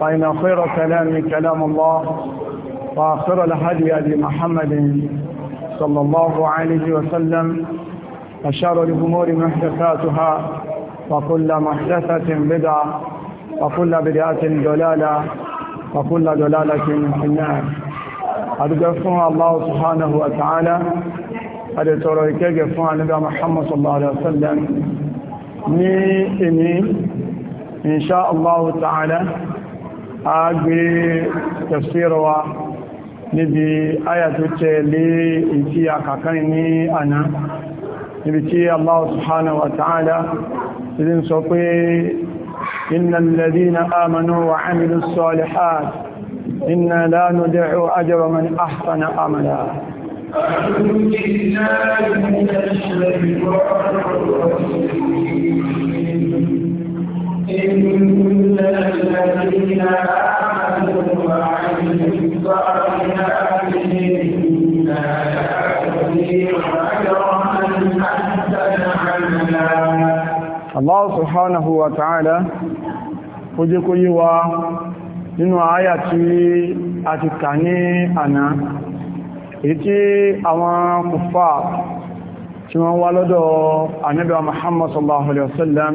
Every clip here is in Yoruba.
فإن خير كلام كلام الله وآخر الهدي أبي محمد صلى الله عليه وسلم أشار الأمور محدثاتها وكل محدثة بدعة وكل بدعة دلالة وكل دلالة في النار أدقفنا الله سبحانه وتعالى أدتر إكيقفنا نبي محمد صلى الله عليه وسلم إني إن شاء الله تعالى àgbé tafsir wa níbi àyà tó tẹ̀lé ìtí àkàkán ní àná níbi tí Allah subhanahu wa ta'ala ti ń sọ pé innal ladhina amanu wa amilu salihat inna la nudi'u ajra man ahsana amala أعوذ بالله من الشيطان الرجيم Allah subhanahu wa ta'ala ó jẹ́ kó yí wa nínú àáyà tí a ti kà ní àná èyí tí àwọn kùfà tí wọ́n wá lọ́dọ̀ ànábì Muhammad sallallahu alaihi wasallam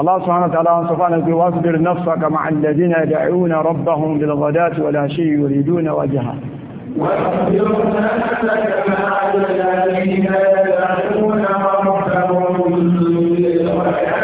الله سبحانه وتعالى سبحانه يقول واصبر نفسك مع الذين يدعون ربهم بالغداة ولا شيء يريدون وجهه مع الذين يدعون ربهم بالغداة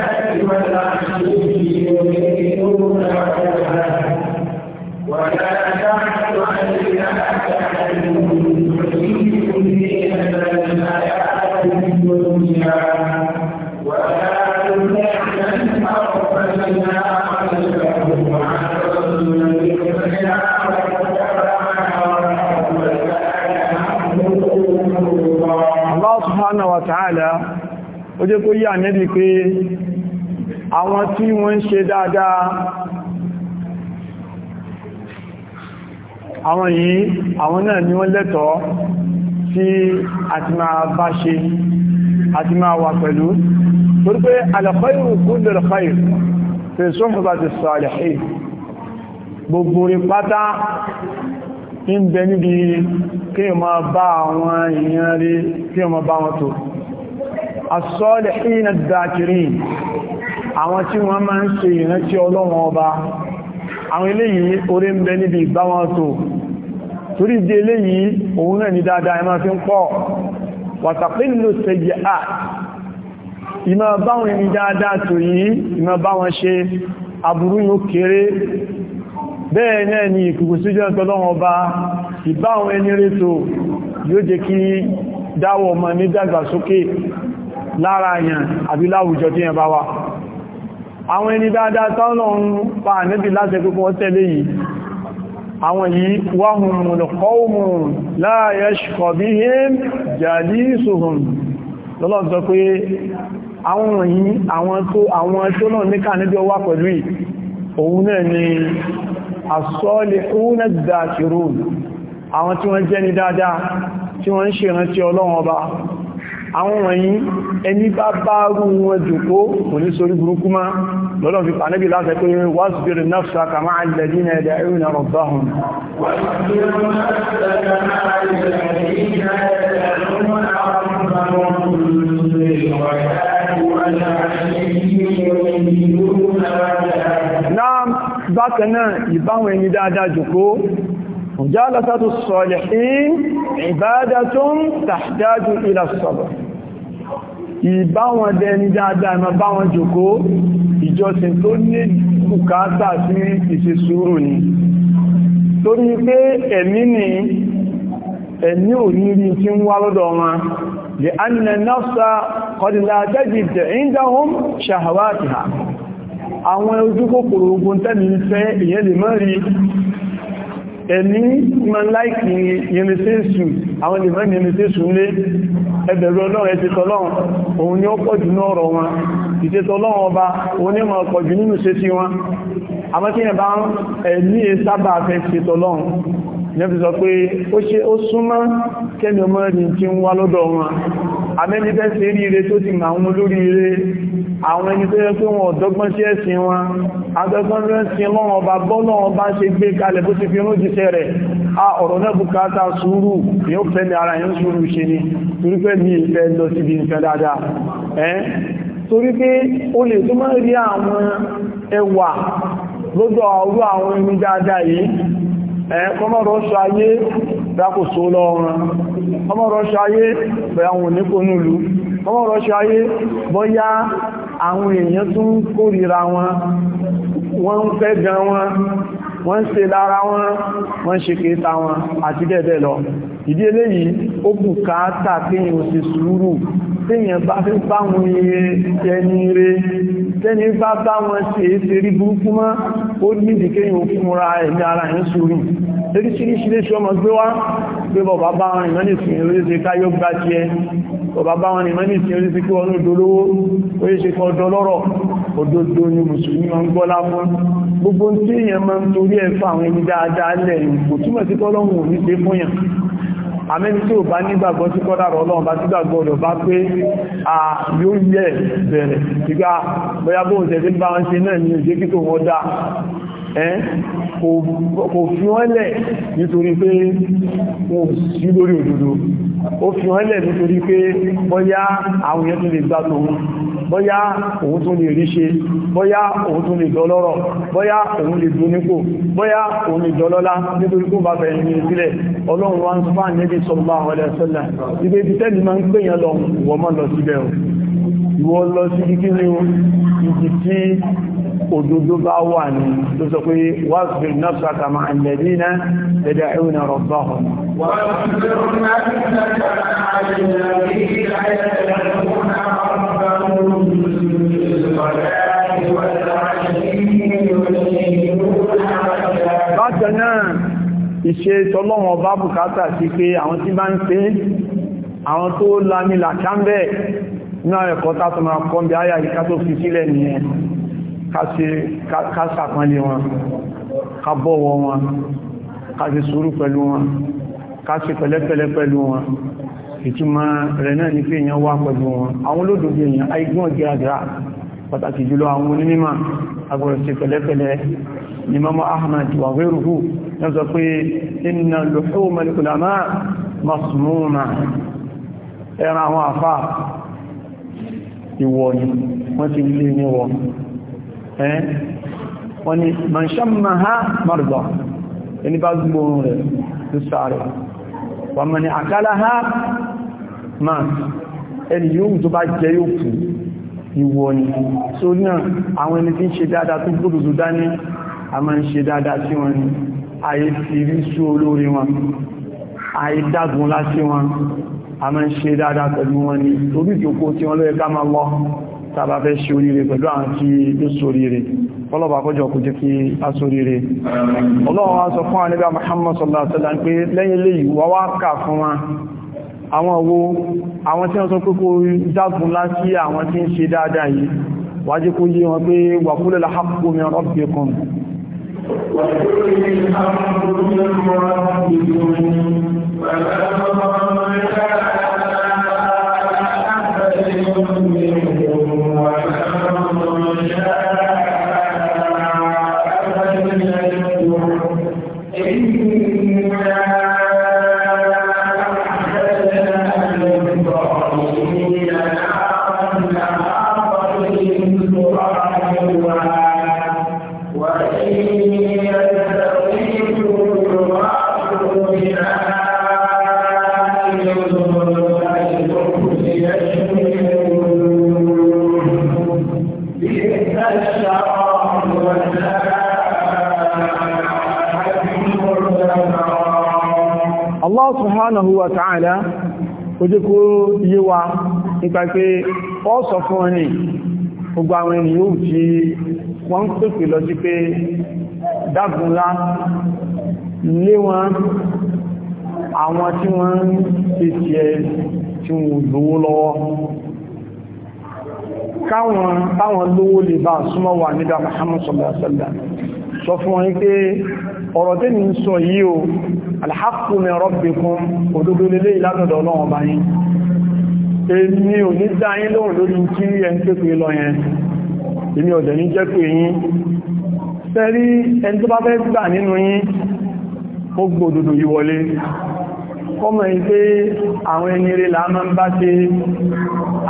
ó jẹ́ kó yà nẹ́bí pé àwọn tí wọ́n ń ṣe dáadáa àwọn yìí àwọn náà ni wọ́n lẹ́tọ̀ọ́ tí a ti máa bá ṣe a ti máa wà pẹ̀lú torí pé al-khayru kullu al-khayr fi suhbati s-salihin gbogbo rí ń bẹ níbi kí o máa bá àwọn èèyàn rí kí o máa bá wọn tó as-salihina ad-dhakirin àwọn tí wọ́n máa ń ṣe ìrántí ọlọ́run ọba àwọn eléyìí orí ń bẹ níbi ìbáwọn tó torí di eléyìí òun náà ní dáadáa ẹmà fi ń pọ̀ wàtàkìlò sẹ́jẹ̀ à ìmọ̀ báwọn ẹni dáadáa tó yìí dáwọ̀ ọmọ ní dàgbàsókè lára àyàn àbí láwùjọ tí yẹn bá wà àwọn ẹni dáadáa tọ́lọ̀un pa ànẹ́bì láti púpọ̀ tẹ́lẹ̀ yìí àwọn yìí wáhùn mùlùkọ́ùmùn láyẹ̀ṣkọ̀ bí i jàdísùhùn lọ́lọ́sọ pé àwọn yìí àwọn tó àwọn tó náà ní kànẹ́bì ọwá pẹ̀lú òun náà ni asọ́lẹ̀húnà tí wọ́n jẹ́ ni dáadáa tí wọ́n ń ṣèrántí Ọlọ́run ọba àwọn wọ̀nyí ẹni bá bá rú wọn jùkó kò ní sórí burúkú má lọ́lọ́ fi pàdébì láti pé wasbir nafsaka ma'a alladhina yad'una rabbahum Náà bákan náà ìbáwọn ẹni dáadáa jùkó مجالسة الصالحين عبادة تحتاج إلى الصبر ìbáwọn dẹni dáadáa ma báwọn jòkó ìjọsìn tó ní bùkátà sí ìṣe sùúrù ni torí pé ẹ̀mí ni ẹ̀mí ò ní rí tí ń wá lọ́dọ̀ wọn lè annà náà kọdìlá ẹni ma láìkì yẹnitẹ́sù àwọn ìmọ̀ yẹnitẹ́sù lé ẹbẹ̀rẹ̀ ọlọ́run ẹ̀tẹ́tọ́lọ́run òun ni ó pọ̀jù ní ọ̀rọ̀ wọn ìtẹ́tọ́lọ́run ọba òun ni ma pọ̀jù nínú ṣe sí wọn àmọ́ tí ẹ̀bá ẹ̀ní sábà fẹ́ ṣetọ́lọ́run nẹ́bí sọ pé ó ṣe ó súnmọ́ kẹ́mi ọmọ rí tí ń wá lọ́dọ̀ wọn abẹ́ni tẹ́ sí ríire tó ti máa ń lórí ire àwọn ẹni tó yẹ pé wọn ọ̀dọ́gbọ́n sí ẹ̀sìn wọn adọ́gbọ́n rẹ̀ sí bá ṣe a ọ̀rọ̀ náà bùkátà sùúrù yóò fẹ́mi ara yóò sùúrù ṣe ni torí pé mi ìfẹ́ lọ síbi ìfẹ́ dáadáa torí pé o lè tó máa rí àwọn ẹwà lọ́dọ̀ ọrú ẹ̀kọ́mọ̀rọ̀ ṣọ ayé rákòsó lọ́rùn ọmọ̀rọ̀ ṣọ ayé bẹ̀rẹ̀ àwọn oníkónúlù ọmọ̀rọ̀ ṣọ ayé bọ́yá àwọn èèyàn tún kórìíra wọn wọ́n ń fẹ́ gan wọn wọ́n ń ṣe lára wọn wọ́n ń ṣe kéta wọn àti bẹ́ẹ̀ lọ ìdí eléyìí ó bùkátà kéyìn ó ṣe sùúrù téèyàn bá fi báwọn ẹni rẹ̀ tẹ́ni bá báwọn ṣe é ṣe rí burúkú mọ́ ó ní ìdíkéyàn fúnra ẹ̀mí ara ẹ̀ ń sùúrù lóríṣìíríṣìí lè ṣe ọmọ gbé wá pé bọ̀bá bá wọn ìmọ́ nìsìn oríṣi káyọ́ gbá ti ẹ bọ̀bá bá wọn ìmọ́ nìsìn oríṣi kí wọn òdòlówó oríṣi kan dọlọ́rọ̀ òdodo ni mùsùlùmí máa ń gbọ́lá fún gbogbo tí èèyàn máa ń torí ẹ̀fà àwọn ẹni dáadáa lẹ̀ kò túmọ̀ sí kọ́lọ́hùn òní ṣe fún yàn àmẹ́ni tí ò bá nígbàgbọ́ sí kọ́dàrọ̀ ọlọ́run bá sígbàgbọ́ rẹ̀ bá pé a yóò yẹ̀ bẹ̀rẹ̀ ìgbà bóyá bóòsẹ̀ tí bá ń ṣe náà ní òjé kí tó wọ́n dáa kò fi wọ́n lẹ̀ nítorí pé wọ́n sí lórí òdodo ó fi wọ́n lẹ̀ nítorí pé bọ́yá àwọn èèyàn tún lè gbá tóun bọ́yá òun tún lè rí ṣe bọ́yá òun tún lè dọ́lọ́rọ̀ bọ́yá òun lè dúnípò bọ́yá òun lè dọ́lọ́lá nítorí kó bá bẹ̀rẹ̀ ní ìpínlẹ̀ ọlọ́run wá ń fà níbi sọ́lọ́ àwọn ẹlẹ́sọ́lá ìwọ lọ sí kíkí ní ibi tí òdodo bá wà ní tó sọ pé wà fi náà kàmà àjẹ́dí náà tẹ́dẹ̀ ẹ̀wọ̀n rọ̀bá hàn Bákan náà, ìṣe tọ́lọ́wọ̀n bá bùkátà sí pé àwọn tí bá ń pé àwọn tó lámìlà kámbẹ̀ẹ́ náà ẹ̀kọ́ tátọ́ máa kọ́ bí áyà yìí ká tó fi sílẹ̀ nìyẹn ká sàpánlé wọn ká bọ̀wọ̀ wọn ká ṣe sùúrù pẹ̀lú wọn ká ṣe pẹ̀lẹ́pẹ̀lẹ́ pẹ̀lú wọn ìtumọ̀ rẹ̀ náà ní pé èèyàn wá pẹ̀lú wọn àwọn olódodo èèyàn aigbọ́n jẹ́ pàtàkì jùlọ àwọn onímọ̀ ulama masmuma ẹran àwọn àfáà ìwọ ni wọ́n ti lé ní wọ wọ́n ni mọ̀ṣánmà ha mọ̀rọ̀gbọ̀ ẹni bá gbóòrùn rẹ̀ ló sáré wọ́n mọ̀ ni àkálá ha máa ẹni yóò tó bá jẹ yóò kú ìwọ ni so náà àwọn ẹni tí ń ṣe dáadáa tó gbódùdù dání a máa ń ṣe dáadáa sí wọn ni àyè ti rí sú olórí wọn àyè dágùn lá wọn a máa ń ṣe dáadáa pẹ̀lú wọn ni torí ìjòkó tí wọ́n lóye ká máa lọ tàbá fẹ́ ṣe oríire pẹ̀lú àwọn tí ó soríire ọlọ́bàá kọjọ kò jẹ́ kí a soríire ọlọ́wọ́ wá sọ fún àníbà Muhammad sallallahu alaihi wasallam pé lẹ́yìn lè wá wá wa ta'ala ojú wa nípa pé ọ sọ fún ọ̀nì gbogbo àwọn ènìyàn ò tí wọ́n pèpè lọ sí pé dágunlá lé wọn àwọn tí wọ́n ń pèsè ẹ tí wọ́n lówó lọ́wọ́ káwọn táwọn lówó lè bá súnmọ́ wà nígbà Muhammad sallallahu alaihi sọ fún wọn pé ọ̀rọ̀ tẹ́ni ń sọ yìí o alhaqqu min rabbikum òdodo lélé ìlànàdọ̀ ọlọ́run ọba yín èmi ò ní dá yín lóhùn lórí kí ẹ ń pépé lọ yẹn èmi ọ̀dẹ̀ ní jẹ́ pé yín fẹ́rí ẹni tó bá fẹ́ gbà nínú yín ó gbòdòdò yí wọlé kọmọ̀ yí pé àwọn ẹni rẹ̀ láàmà ń bá ṣe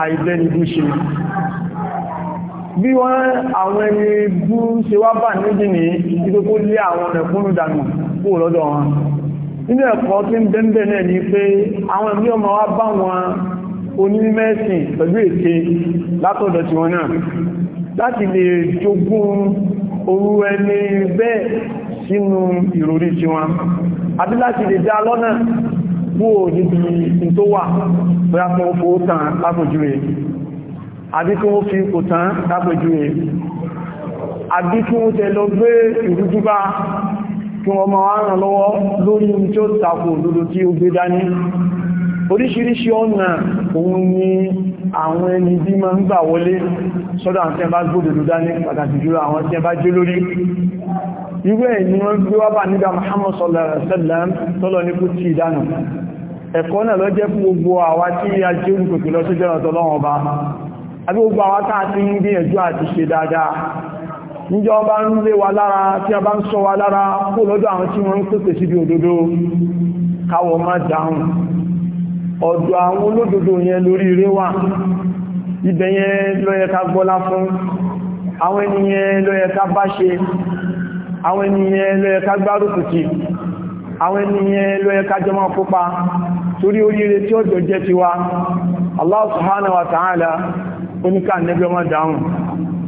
àìbẹ́nibú ṣe bí wọ́n àwọn ẹni bú ṣe wá bà nídìí ní ìdókó lé àwọn ẹ̀kúnnù dànù kó lọ́dọ̀ wọn nínú ẹ̀kọ́ tí ń bẹ́ńbẹ́ náà ni pé àwọn ẹ̀mí ọmọ wa bá wọn onímẹ́sìn pẹ̀lú ète látọ̀dọ̀ tí wọn náà láti lè jogún orú ẹni bẹ́ẹ̀ sínú ìròrí tí wọn àbí láti lè dá lọ́nà wó níbi tó wà bóyá fún ó fòó tàn lápòjú rẹ̀ àbí kí wọ́n fi kò tàn lápòjú rẹ̀ àbí kí wọ́n tẹ lọ gbé ìrújúbá kí wọ́n máa ràn lọ́wọ́ lórí tí ó tako òdodo tí ó gbé dání oríṣiríṣi ọ̀nà òun ni àwọn ẹni bí ma ń gbà wọlé sọ́dọ̀ àwọn tí gbódòdó dání pàtàkì jùlọ àwọn tí a jẹ́ lórí irú ẹ̀ ni wọ́n gbé wá bà nígbà Muhammad sallallahu alaihi wasallam tọ́lọ ní kú ti ìdánù ẹ̀kọ́ náà lọ jẹ́ fún gbogbo àwa tí a níjọ́ bá ń lé wa lára tí a bá ń sọ wa lára kó lọ́dọ̀ àwọn tí wọ́n ń pèsè síbi òdodo káwọ má dáhùn ọ̀dọ̀ àwọn olódòdó yẹn lórí eré wà ibẹ̀ yẹn gbọ́lá fún àwọn ènìyàn lọ́yẹ bá ṣe àwọn ènìyàn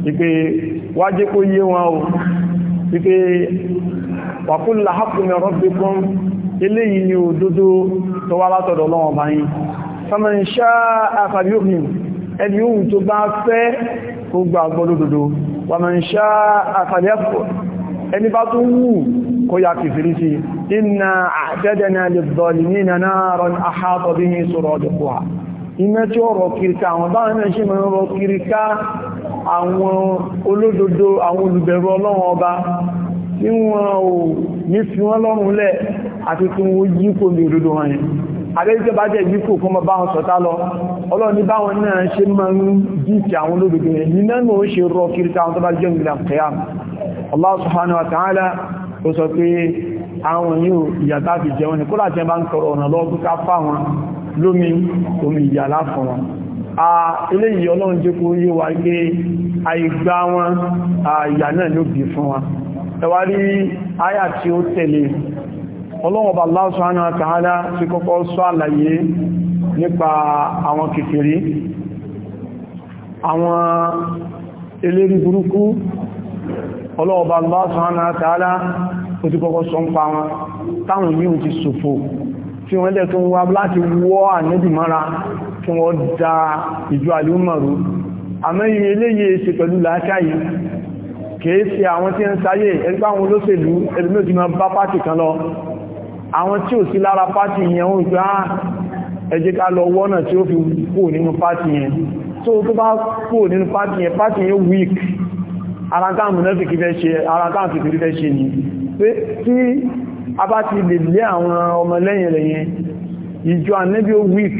ti wájé kó yé wọn o wípé wàkúlà hápùnmẹ̀ rọ́bìkún eléyìí ni òdodo tó wá látọ̀dọ̀ lọ́wọ́n bá yín fẹ́mẹ̀rin ṣá àfàbíòmìn ẹni ohun tó bá fẹ́ kó gbà gbọ́lódodo wàmẹ̀rin ṣá àfàbíòmìn ẹni bá tún wù kó àwọn olódodo àwọn olùbẹ̀rù ọlọ́run ọba tí wọ́n ò ní fi wọ́n lọ́rùn lẹ̀ àti tí wọ́n yí kò lè òdodo wọn yẹn àbẹ́jẹ́ bá jẹ́ ìdíkò fún ọba àwọn sọ̀tá lọ ọlọ́run ní báwọn náà ṣe máa ń dìtì àwọn olódodo yẹn ní náà mọ̀ ó ṣe rọ kiri táwọn tó bá Allah subhanahu wa ta'ala ó sọ pé àwọn yóò ìyàtà fi jẹun ní kó láti ẹ bá ń kọrọ ọ̀nà lọ́gbùká fáwọn lómi omi ìyàlá a ilé yìí ọlọ́run jẹ́ kó yé wa pé àìgbà wọn àyà náà ló bí fún wa ẹwà rí àyà tí ó tẹ̀lé ọlọ́run bá Allah subhanahu wa ta'ala ti kọ́kọ́ sọ àlàyé nípa àwọn kèfèrí àwọn eléri burúkú ọlọ́run bá Allah subhanahu wa ta'ala ó kí wọ́n dá ìjọ alúmọ̀rú àmẹ́yìn eléyè ṣe pẹ̀lú làákàyè kìí ṣe àwọn tí ń sáyé ẹgbẹ́ àwọn olóṣèlú ẹlùmí ma bá pàtì kan lọ àwọn tí ò sí lára pàtì yẹn ó gbá ẹjẹ́ ká lọ wọ́nà tí ó fi kú nínú pàtì yẹn tó tó bá kú nínú pàtì yẹn pàtì yẹn weak ara táàmù náà fi fẹ́ ṣe ara táàmù fi fẹ́ ṣe ni pé tí a bá ti lè lé àwọn ọmọ lẹ́yìn rẹ̀ yẹn ìjọ ànẹ́bí ó weak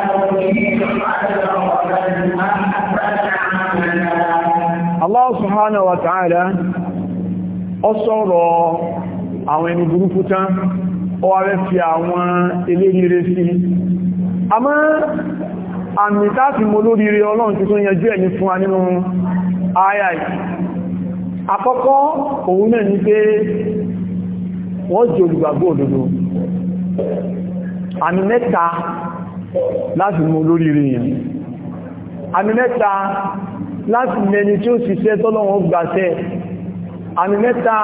Allah subhanahu wa ta'ala ó sọ̀rọ̀ àwọn ẹni burúkú tán ó fi àwọn eléríire sí àmọ́ àmì táàfi mo lóríire ọlọ́run ti tó yanjú ẹ̀ fún wa nínú ayà àkọ́kọ́ òun náà ni pé wọ́n jẹ́ àmì mẹ́ta láti láti mẹni tí ó ṣiṣẹ́ tọ́lọ́wọ́ gbàṣẹ́ àmì mẹ́ta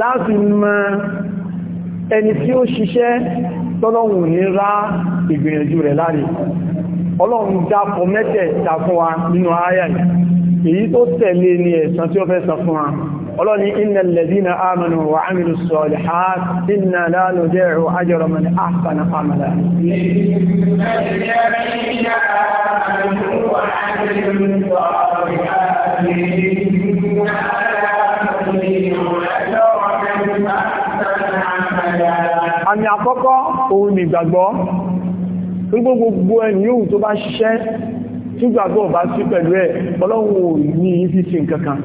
láti mọ ẹni tí ó ṣiṣẹ́ tọ́lọ́wọ́ ní rá ìgbìyànjú rẹ̀ láre ọlọ́run dápọ̀ mẹ́tẹ̀ẹ̀ta fún wa nínú ayà èyí tó tẹ̀lé ni ẹ̀san tí ó fẹ́ san fún wa ọlọ́ni iná lẹ́dínà àmànà wà ámìlù sọ̀lẹ̀ ha iná lánà dẹ̀rọ ajọ́rọ̀ mọ̀ àfànà àmàlà àmì àkọ́kọ́ òun ni ìgbàgbọ́ gbogbo gbogbo ẹni yóò tó bá ṣiṣẹ́ tí gbàgbọ́ bá sí pẹ̀lú ẹ̀ ọlọ́run ò ní ìfíṣẹ́ nǹkankan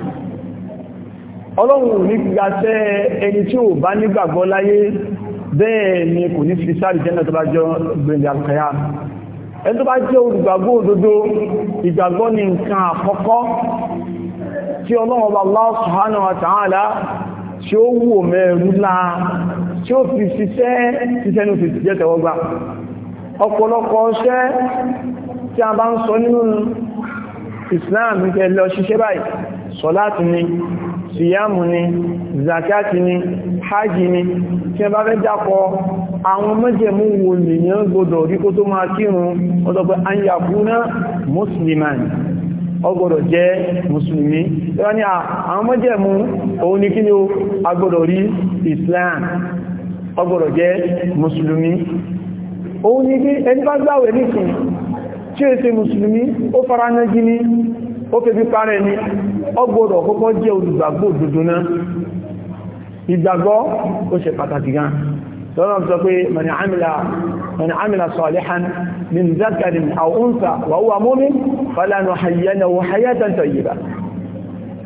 ọlọ́run ní gbàṣẹ́ ẹni tí ò bá nígbàgbọ́ láyé bẹ́ẹ̀ ni kò ní fi sáré jẹ́ náà tó bá jọ gbẹ̀ndẹ̀ àkàyà ẹni tó bá jẹ́ olùgbàgbọ́ òdodo ìgbàgbọ́ ni nǹkan àkọ́kọ́ tí ọlọ́run ọba Allah subhanahu wa ta'ala tí ó wù mẹ́rú láa tí ṣìyàmù ni zakati ni hajji ni tí ẹ bá fẹ́ jápọ̀ àwọn mẹ́jẹ̀mú wo lèyàn gbọdọ̀ rí kó tó máa kírun ọdọ́gbẹ́ anyàkúná musliman ọgbọ̀dọ̀ jẹ́ musulmi ẹwà ní àwọn mẹ́jẹ̀mú òun ni kí ni agbọ̀dọ̀ rí islam ọgbọ̀dọ̀ jẹ́ musulmi òun ni kí ẹni bá gbáwẹ̀ nìkan tí ó fara náà ó fi bí parẹ́ ni ọgbọ́dọ̀ kọ́kọ́ jẹ́ olùgbàgbọ́ òdodo náà ìgbàgbọ́ ó ṣe pàtàkì gan lọ́nà sọ pé mani amila mani amila salihan min zakarin aw unsa wa huwa mu'min fala nuhayyinahu hayatan tayyiba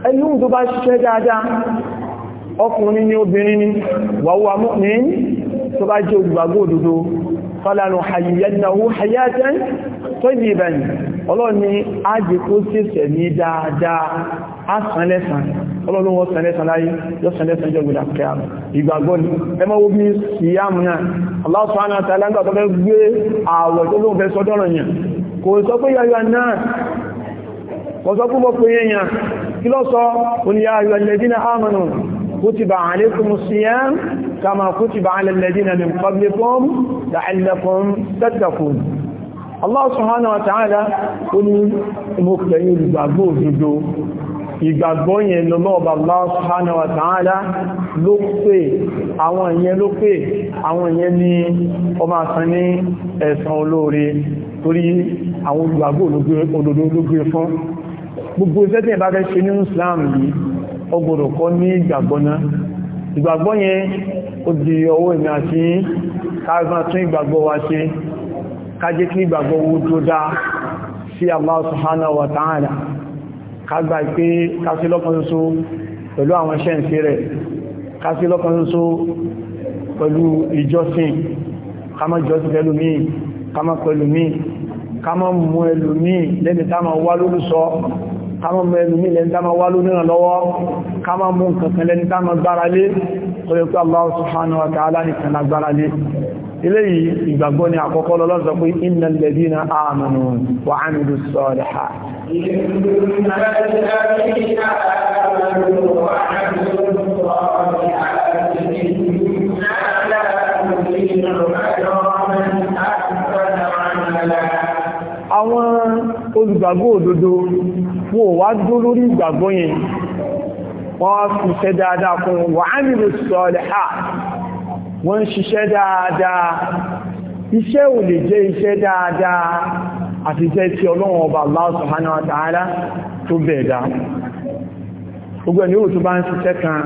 ẹni tó bá ṣiṣẹ́ dáadáa ọkùnrin ni obìnrin ni wa huwa mu'min tó bá ọlọ́ni ájì kó tẹ́sẹ̀ ní dáadáa á sánlẹ́sàn ọlọ́run wọ́n sánlẹ́sàn láyé yóò sánlẹ́sàn jọ gbìdà kẹ́ àrùn ìgbàgbọ́ ni ẹmọ́ wo bí síyàmù náà Allah subhanahu wa ta'ala ń gbà tó fẹ́ gbé àwọ̀ tó lóun fẹ́ sọ́dọ̀rọ̀ yẹn kò sọ pé yàyà náà kò sọ púpọ̀ pé yẹn kí ló sọ oníyà ayọ̀ alladhina amanu kutiba alaykumus siyam kama kutiba ala alladhina min qablikum la'allakum tattaqun Allah subhanahu wa ta'ala ó ní ìmọ̀kẹ̀yìn olùgbàgbọ́ òdodo ìgbàgbọ́ yẹn lọ́lọ́ọ̀bà Allah subhanahu wa ta'ala ló pè àwọn ìyẹn ló pè àwọn ìyẹn ní ọmọ àsán ní ẹ̀sàn olóore fún ìgbàgbọ́ yẹn ó di ọwọ́ ìrìn àti kájé kí ìgbàgbọ́ owó tó dá sí Allah subhanahu wa ta'ala kágbà pé kásí lọ́kan ṣoṣo pẹ̀lú àwọn iṣẹ́ ìṣe rẹ̀ kásí lọ́kan ṣoṣo pẹ̀lú ìjọsìn kama jọsìn pẹ̀lú mí kama pẹ̀lú mí kama mú ẹlù mí lẹ́ni táma wá lólùsọ kama mú ẹlù mí lẹ́ni táma wá lónìràn lọ́wọ́ kama mú nǹkan kan lẹ́ni táma gbára lé tó eléyìí ìgbàgbọ́ ni àkọ́kọ́ lọ́lọ́n sọ pé innal ladina amanu wa amilu salihat àwọn olùgbàgbọ́ òdodo wọ́n wá dó lórí ìgbàgbọ́ yẹn wọ́n fi ṣẹ́ dáadáa fún wa amilu salihat wọ́n ń ṣiṣẹ́ dáadáa iṣẹ́ ò lè jẹ́ iṣẹ́ dáadáa àti jẹ́ tí ọlọ́run ọba Allah subhanahu wa ta'ala tó bẹ̀ẹ̀dá gbogbo ẹni tó bá ń ṣiṣẹ́ kan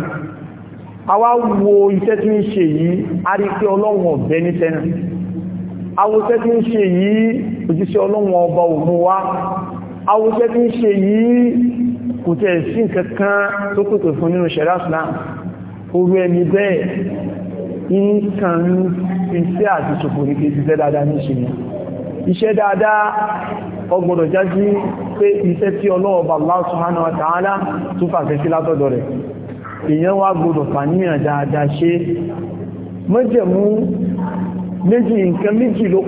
àwa wo iṣẹ́ tí ń ṣe yìí a rí pé ọlọ́run ọ̀bẹ ní tẹ́nà awuṣẹ́ tí ń ṣe yìí òjíṣẹ́ ọlọ́run ọba òun wá awuṣẹ́ tí ń ṣe yìí kò tẹ̀ sí nǹkan kan tó pèpè fún nínú ṣẹ̀rá Islam orú ẹni bẹ́ẹ̀ nǹkan iṣẹ́ àti ṣòfò ní kí iṣẹ́ dáadáa ní ṣe iṣẹ́ dáadáa ọgbọ̀dọ̀ já sí pé iṣẹ́ tí ọlọ́ọ̀bà Allah subhanahu wa ta'ala tún fàṣẹ sí látọ̀dọ̀ rẹ̀ èèyàn wá gbọdọ̀ fàníyàn dáadáa ṣe mọ́jẹ̀mú méjì nǹkan méjì ló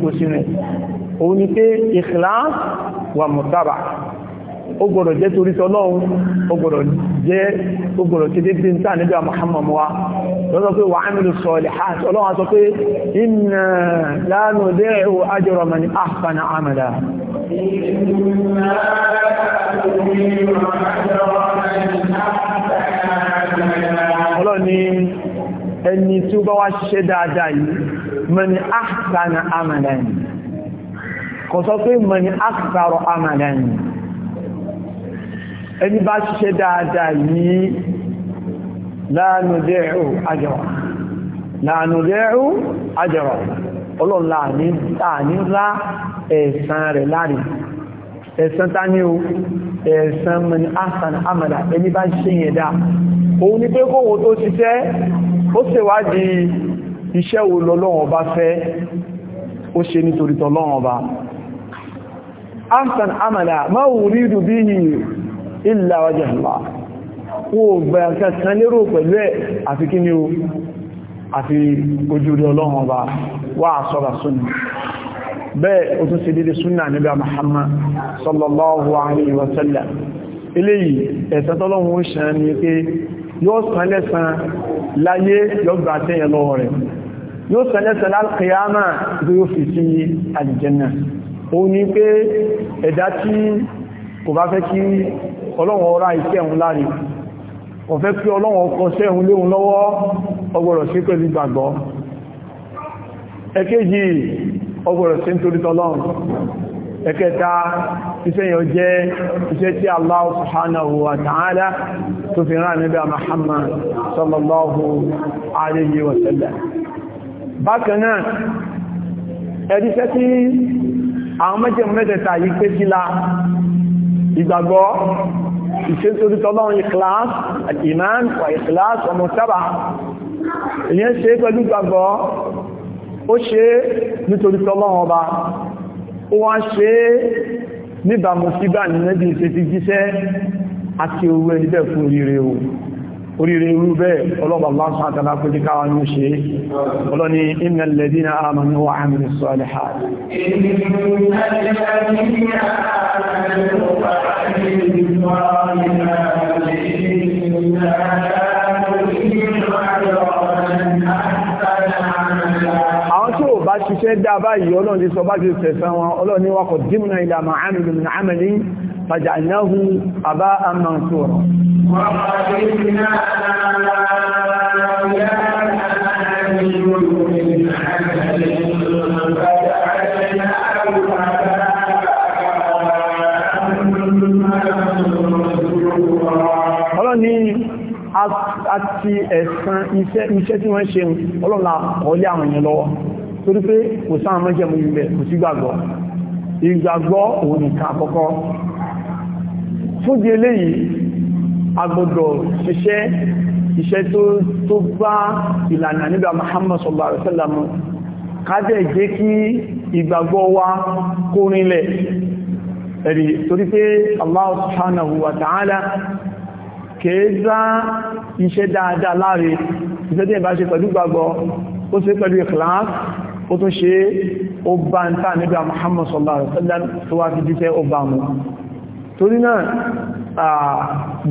kó sínú wa mutaba ó gbọ́dọ̀ jẹ́ torí tọ́lọ́run ó gbọ́dọ̀ jẹ́ ó gbọ́dọ̀ ti dé dín tàà nígbà Muhammad wa lọ́sọ pé wà ámìlù salihat ọlọ́wọ́n sọ pé inna la nudi'u ajra man ahsana amala ọlọ́ni ẹni tí ó bá wá ṣiṣẹ́ dáadáa yìí man ahsana amala kò sọ pé man akthara amala ẹni bá ṣiṣẹ́ dáadáa yìí láàánú dẹ́rù àjọ̀rọ̀ láàánú dẹ́rù àjọ̀rọ̀ ọlọ́nlá ní rá ẹ̀san rẹ̀ láàrin ẹ̀san tání o ẹ̀san mẹ́ni asan amàdà ẹni bá ṣe yẹn dá òun ni pé kóhun tó ṣiṣẹ́ ó ṣèwádìí iṣẹ́ wo lọ́lọ́wọ́n bá fẹ́ ó ṣe nítorí tọ́lọ́wọ́n illa wajh Allah wọ́n ò gbà kẹsàn lérò pẹ̀lú ẹ̀ àfi kí ni o àfi ojúrí ọlọ́run ọba wà sọ́rọ̀ súnnà bẹ́ẹ̀ o tún sí dédé súnnà níbi Muhammad sallallahu alaihi wasallam eléyìí ẹ̀san tọ́lọ́run ó ṣàn ní pé yóò kò bá fẹ́ kí ọlọ́run ọ̀rá iṣẹ́ òun láre ọ̀fẹ́ pé ọlọ́run ọkọ̀ sẹ́hun léhun lọ́wọ́ ọgbọ̀rọ̀ sí pẹ̀lú gbàgbọ́ ẹ̀kejì ọgbọ̀rọ̀ sí nítorí tọ́lọ́run ẹ̀kẹta iṣẹ́ yẹn jẹ́ iṣẹ́ tí Allah subhanahu wa ta'ala tó fi rán Ànábì Muhammad sallallahu alayhi wa sallam bákan náà ẹ̀díṣẹ́ tí àwọn mẹ́jẹ̀ mẹ́tẹ̀ta yìí pé síla ìgbàgbọ́ ìṣẹ́sórí tọ́lọ́run ìkìláàs ìmán wà ìkìláàs ọmọ sábà ìyẹn ṣe pẹ̀lú gbàgbọ́ ó ṣe nítorí tọ́lọ́run ọba ó wá ṣe níbàmù sígbà nínú ẹbí ìṣẹ́ ti jíṣẹ́ àti owó ẹni bẹ́ẹ̀ fún oríire o oríire irú bẹ́ẹ̀ ọlọ́bà lásán àtàlá pé káwà ní ṣe ọlọ́ni iná lẹ́dí na àmàmí wà àmìrì sọ́lẹ̀ ha àwọn tí ó bá ṣiṣẹ́ dá báyìí ọlọ́ni sọ bá ti fàjànáhù àbá àmàntòrò ọlọ́ni àti ẹ̀sán iṣẹ́ tí wọ́n ṣe ọlọ́la ọlé àwọn èèyàn lọ́wọ́ torí pé kò sáà mọ́jẹ̀mú ilẹ̀ kò sí gbàgbọ́ ìgbàgbọ́ òun nìkan àkọ́kọ́ fún di eléyìí agbọ́dọ̀ ṣiṣẹ́ iṣẹ́ tó bá ìlànà nígbà Muhammad sallallahu alaihi wasallam kájẹ̀ jẹ́ kí ìgbàgbọ́ wa kó rinlẹ̀ torí pé Allah ta'ala kèéza iṣẹ́ dáadáa láre iṣẹ́ tí ìbá ṣe pẹ̀lú gbàgbọ́ ó ṣe pẹ̀lú ikhlas bá ń tà nígbà Muhammad sallallahu alaihi wasallam tó wá fi jíṣẹ́ ó bá mú torí náà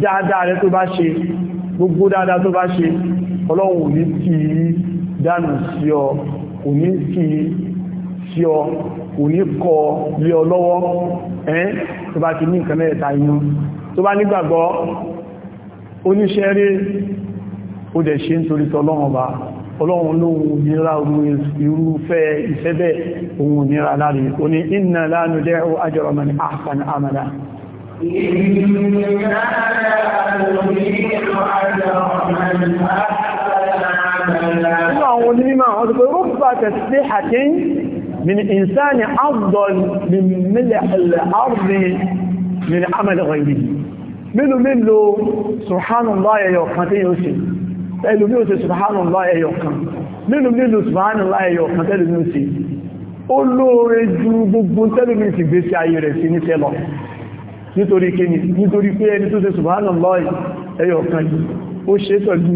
dáadáa rẹ tó bá ṣe gbogbo dáadáa tó bá ṣe ọlọ́run ní kí dánù sí ọ kò ní kí sí ọ kò ní kọ lé ọ lọ́wọ́ ẹ́n tó bá ti ní nǹkan mẹ́ta inú tó bá nígbàgbọ́ oníṣẹ́ ó dẹ̀ ṣe ń torí ọlọ́run lóhun nira irúfẹ́ ìfẹ́bẹ̀ ohun nira láàrin ó ní inna la nudi'u ajra man ahsana amala تسليحة من انسان افضل من ملح الارض من عمل غيره منو منو سبحان الله يا يوكا تي يوسي قالوا منو سبحان الله يا يوكا منو منو سبحان الله يا يوكا تي يوسي قولوا رجو ببنتلو من سبسي عيرسي نسي الله nítorí kíni nítorí pé ẹni tó ṣe subhanallah ẹyọ kan yìí ó ṣe pẹ̀lú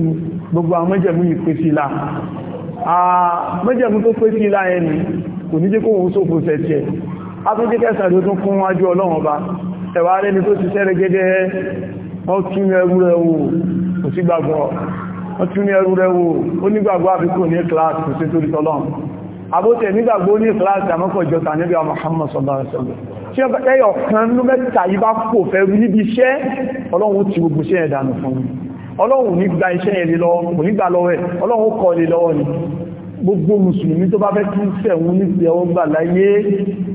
gbogbo àwọn mẹ́jẹ̀mú yìí pé sí ilá mẹ́jẹ̀mú tó pé sí ilá ẹni kò ní jẹ́ kó wọ́n sófò sẹ́tẹ̀ afẹ́jẹ́ kẹsàn ló tún fún wájú ọlọ́run ọba ẹ̀wà rẹni tó ti sẹ́rẹ gẹ́gẹ́ wọ́n tún ẹrú rẹ̀ wò kò sí gbàgbọ́ wọ́n tún ẹrú rẹ̀ wò ó nígbàgbọ́ àbíkò ní kíláàsì tó tí ó bẹ̀ẹ́ ọ̀kan ní mẹ́ta yìí bá kò fẹ́ níbi iṣẹ́ ọlọ́run ti gbogbo iṣẹ́ ẹ̀dànù fún mi ọlọ́run ní gba iṣẹ́ ẹ̀lẹ́ lọ kò ní ọlọ́run kọ́ lè lọ́wọ́ ni gbogbo mùsùlùmí tó bá fẹ́ tún sẹ̀wọ́n ní ti ẹwọ́ gbà láyé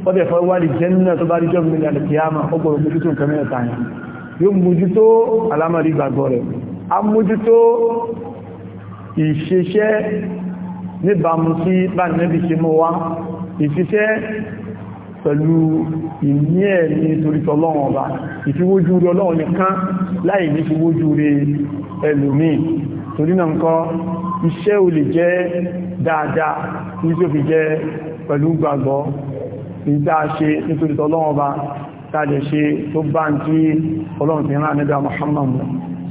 ọdẹ fọ́ wà lè jẹ́ nínú tó bá rí jọ́ mílíọ̀n kìíyàmà ó gbọ́rọ̀ mójútó nǹkan mẹ́ta yẹn yóò sí bá nẹ́bì ṣe mọ́ wá ìṣiṣẹ́ pẹ̀lú ìní ẹ̀ ní torí tọ́lọ́wọ̀n ọba ìfiwójú rí ọlọ́wọ̀n nìkan láì ní fiwójú rí ẹlòmíì torí náà kọ́ iṣẹ́ ò lè jẹ́ dáadáa ní tí ó fi jẹ́ pẹ̀lú gbàgbọ́ ìdáṣe nítorí tọ́lọ́wọ̀n ọba tàbí ṣe tó bá ń tí ọlọ́run ti rán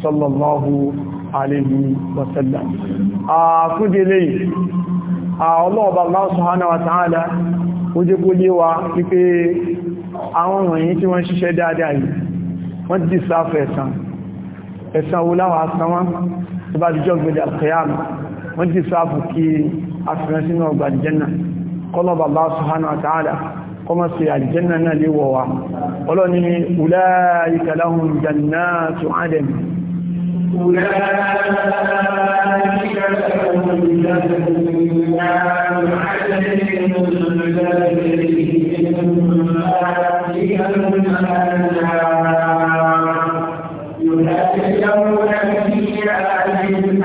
ọlọ́ọ̀bà Allah subhanahu wa ta'ala ó jẹ́ kó yé wa wípé àwọn wọ̀nyí tí wọ́n ṣiṣẹ́ dáadáa yìí wọ́n ti sáfẹ́ ẹ̀san ẹ̀san wo láwà san wọ́n tó bá jíjọ́ gbẹ̀dẹ̀ àkẹyàmù wọ́n ti sáfù kí àfihàn sínú ọgbà àjẹ́nà kọlọ̀bà يوم القيامة فيها عليهم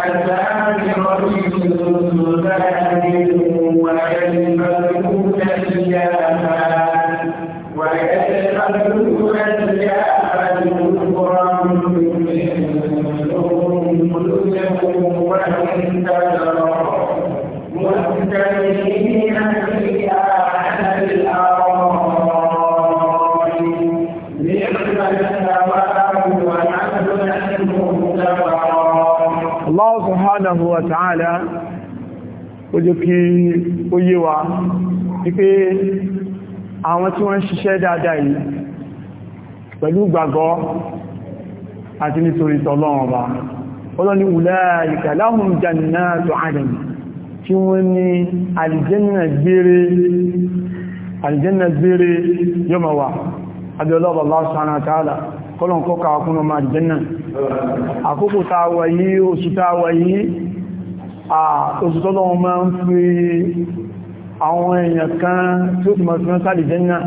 wa ta'ala ó jẹ́ kí ó yé wa wípé àwọn tí wọ́n ń ṣiṣẹ́ dáadáa yìí pẹ̀lú gbàgbọ́ àti nítorí tọ́lọ́run ọba ọlọ́ni ulaika lahum jannatu adn tí wọ́n ní aljanna gbére aljanna gbére yóò máa wà kọ́kà òṣìṣọ́lọ́wọ́ máa ń fi àwọn èèyàn kan tí ó ti mọ̀ sí mẹ́ta lè jẹ́ náà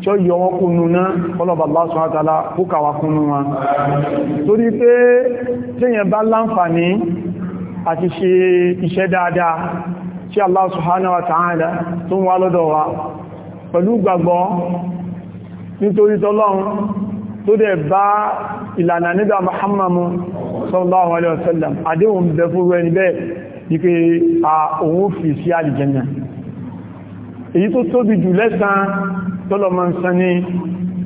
tí ó yọ wọ́n kúnnú náà ọlọ́bà bá sọ àtàlá púkàwà kúnnú wọn torí pé tíyàn bá láǹfààní àti ṣe iṣẹ́ dáadáa tí Allah subhanahu wa ta'ala tó ń wá lọ́dọ̀ wa pẹ̀lú gbàgbọ́ nítorí tọ́lọ́run tó dẹ̀ bá ìlànà nígbà Muhammadu sallallahu alaihi wasallam àdéhùn bẹ fún rẹ̀ níbẹ̀ ní pé a òun fi sí àlìjẹ́nà èyí tó tóbi jù lẹ́sàn tọ́lọ ma ń san ní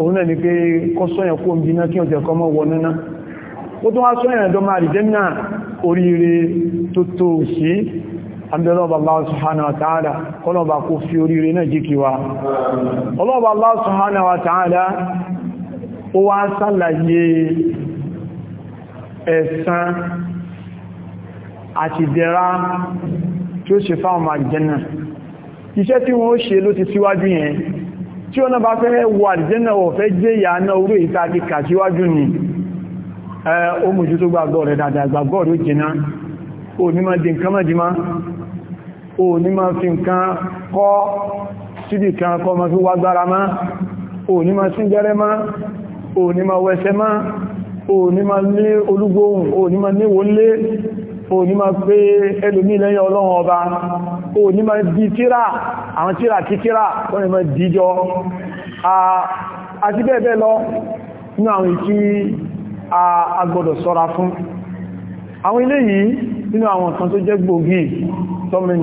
òun náà ni pé kọ́ sọ́yàn kó ń biná kí ọjọ́ kọmọ wọnúná ó tó wá sọ́yàn ẹ̀dọ́ máa àlìjẹ́nà oríire tó tó sí Allah subhanahu wa ta'ala kọlọ̀bà kó fi oríire náà jíkì wa Allah subhanahu wa ta'ala ó ẹ̀san àti ìdẹ̀ra tí ó ṣe fáwọn ọmọ àjẹ́nà iṣẹ́ tí wọ́n ṣe ló ti síwájú yẹn tí wọ́n náà bá fẹ́ wọ àjẹ́nà wọ̀ fẹ́ jẹ́ ìyà náà orí ìta ti kà síwájú ni ó mú tó gbàgbọ́ rẹ̀ dáadáa gbàgbọ́ rẹ̀ jẹ́ná ó ní máa di nǹkan mẹ́dìmá ó ní máa fi nǹkan kọ́ síbì kan kọ́ ma fi wágbára má ó ní máa sín jẹ́rẹ́ má ó ní máa wẹsẹ́ òní ma ní olúgbóhùn òní ma ní wọlé òní ma pé ẹlòmí lẹ́yìn ọlọ́run ọba òní ma di tíra àwọn tíra kíkíra wọ́n ni ma díjọ àti bẹ́ẹ̀bẹ́ẹ̀ lọ ní àwọn ìkí agbọ́dọ̀ sọ́ra fún àwọn ilé yìí nínú àwọn kan tó jẹ́ gbòógì tọ́mọ ènìyàn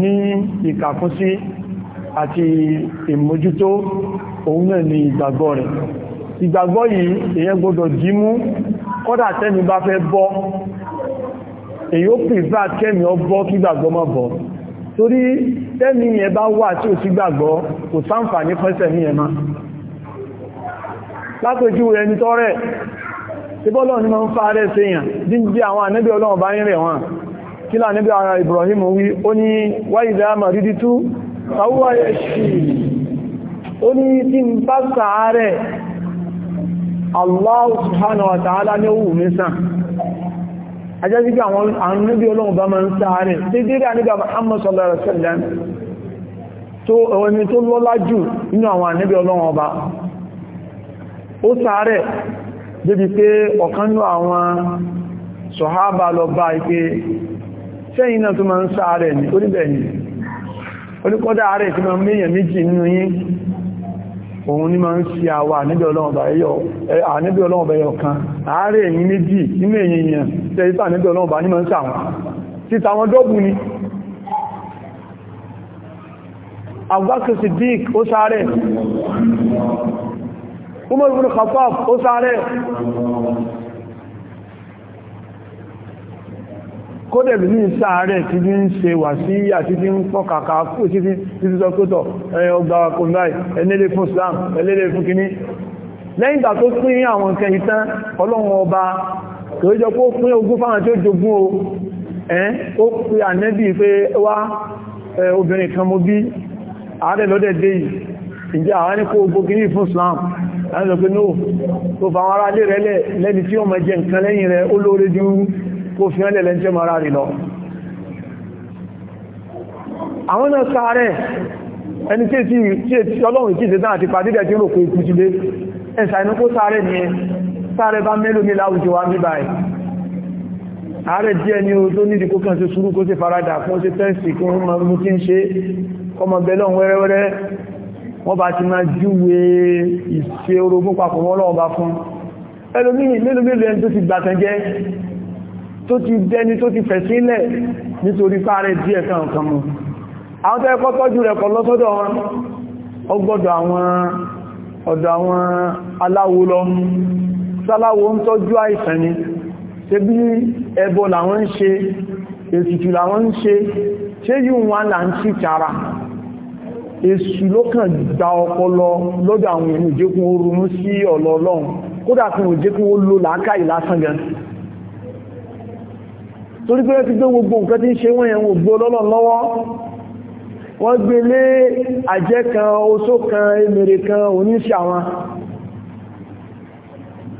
ni ìgbàgbọ́ ìgbàgbọ́ yìí èyẹ gbọdọ̀ jímú kọ́dà tẹ́mi bá fẹ́ bọ́ èyí ó pìfà kẹ́mi ọ bọ́ kí gbàgbọ́ má bọ́ torí tẹ́mi yẹn bá wà tí ò sí gbàgbọ́ kò sáǹfàní pẹ́sẹ̀ ní ẹ̀má lápẹjú ẹni tọ́rẹ̀ ni ma ń fa rẹ̀ sèyàn díjí àwọn ànẹ́bí ọlọ́run bá ń rẹ̀ wọn kí lá ànẹ́bí ara Ibrahim wí ó Allah subhanahu wa ta'ala ní owó mi sàn ajẹ́ àwọn àníbí ọlọ́run bá máa ń sáàrin tí dídá nígbà Muhammad sallallahu alaihi wasallam tó lọ́lá jù nínú àwọn àníbí ọlọ́run ọba ó sáàrẹ̀ débi pé ọ̀kan ní àwọn sọ̀hábà lọ bá náà tó máa ń sáàrẹ̀ ní òun ní máa ń ṣe àwà àníbẹ̀ ọlọ́run bẹ̀yọ kan ààrẹ èyí méjì nínú èyìyàn tẹ́lítà àníbẹ̀ ọlọ́run bá ní máa ń sàwọn títà wọn dọ́bù ni Abubakar Siddiq ó sáré Umar ibn Khattab ó sáré kódẹ̀ bí ní sáàrẹ̀ tí bí ń ṣe wà sí àti bí ń pọ̀ kàkà kú sí ti sọ kótọ̀ ọgbà kòmíláì ẹlẹ́lẹ́ fún Islam ẹlẹ́lẹ́ fún kíní lẹ́yìn ìgbà tó pín àwọn nǹkan ìtàn ọlọ́run ọba kìí jọ kó pín ogún fáwọn tí ó jogún o ẹ́n ó pín ànẹ́bì pé wá obìnrin kan mo bí ààrẹ lọ́dẹ̀ dé yìí ìjẹ́ àwọn ní kó gbogbo ní kó fi hàn lẹ́lẹ́ jẹ́ mara rí lọ àwọn náà sáré ẹni tí ètí ọlọ́run ìkíṣẹ́ náà ti pàdé dẹ̀ tí ó rò pé ikú ti lé ẹ̀sà inú kó sáré ní ẹ sáré bá mélòó ní láwùjọ wa ní báyìí ààrẹ díẹ̀ ní o tó nídi kó kàn sí sùúrù kó sí faradà fún sí tẹ́sì kí wọ́n máa mú kí ń ṣe ọmọ bẹ́lọ̀ wẹ́rẹ́wẹ́rẹ́ wọ́n bá ti máa júwe ìṣe orogún papọ̀ mọ́lọ́ọ̀bá fún ẹlòmíì mélòó mélòó ẹni tó ti gbàtàn jẹ́ tó ti dẹni tó ti fẹ̀sílẹ̀ nítorí fáre díẹ̀ kan kan mú àwọn tó ẹkọ́ tọ́jú rẹ̀ kọ lọ́sọ́dọ̀ wọn ó gbọ́dọ̀ àwọn ọ̀dọ̀ àwọn aláwo lọ sáláwo ń tọ́jú àìsàn ni ṣe bí ẹbọ làwọn ń ṣe èsìtù làwọn ń ṣe ṣe yíò wọn là ń sí tara èsù ló kàn gba ọpọlọ lọ́dọ̀ àwọn ènìyàn jẹ́kún orun sí ọ̀lọ́ ọlọ́run lásán gan torí pé ti gbé gbogbo nǹkan tí ń ṣe wọ́n yẹn wọ́n gbó lọ́lọ́ lọ́wọ́ wọ́n gbé lé àjẹ́ kan oṣó kan emèrè kan oníṣẹ́ àwọn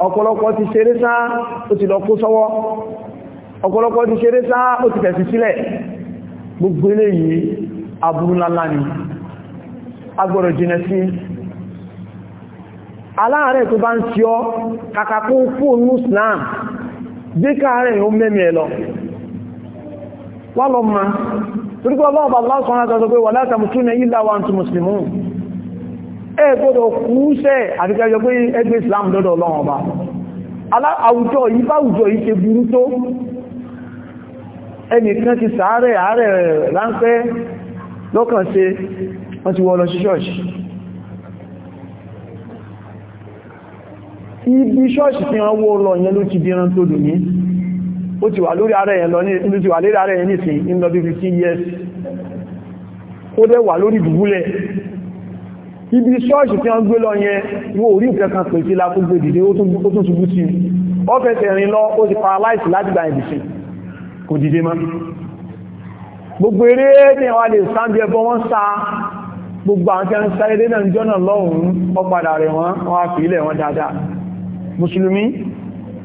ọ̀pọ̀lọpọ̀ ti ṣeré sá ó ti lọ kó sọ́wọ́ ọ̀pọ̀lọpọ̀ ti tó bá ń ṣíọ́ kàkàkún fún muslim gbé káàrẹ̀ ó mẹ́mẹ́ lọ wá lọ ma torí pé ọlọ́ọ̀bà lásán láti sọ pé wà láti àmùsùnà ìlà wa tí mùsùlùmù ẹ gbọ́dọ̀ kúúsẹ̀ àfikẹ́jọ pé ẹgbẹ́ Islam lọ́dọ̀ ọlọ́ọ̀bà àwùjọ yìí báwùjọ yìí ṣe burú tó ẹnìkan ti sàárẹ̀ àárẹ̀ ránpẹ́ lọ́kàn ṣe wọ́n ti wọ́ lọ sí ṣọ́ọ̀ṣì ibi ṣọ́ọ̀ṣì tí wọ́n wó lọ yẹn ló ti dìran tó dùn ní ó ti wà lórí ara ẹ̀yẹn lọ ní ìlú ti wà lórí ara ẹ̀yẹn nìsìn in lọ bí 15 years ó dẹ̀ wà lórí ìdúgbúlẹ̀ ibi ṣọ́ọ̀ṣì tí wọ́n gbé lọ yẹn wọ́n orí ìkẹ́kan pè sí lápúgbé dìde ó tún ṣubú sí ó fẹ́sẹ̀ rìn lọ ó ti paralyze láti gba ìbìsìn kò dìde mọ́ gbogbo eré ní àwọn alè sáàbí ẹbọ wọ́n sá gbogbo àwọn tí wọ́n sá eré náà jọ́nà lọ́hùn-ún ọ̀padà rẹ̀ wọ́n wọ́n á fi ilẹ̀ wọn dáadáa mùsùlùmí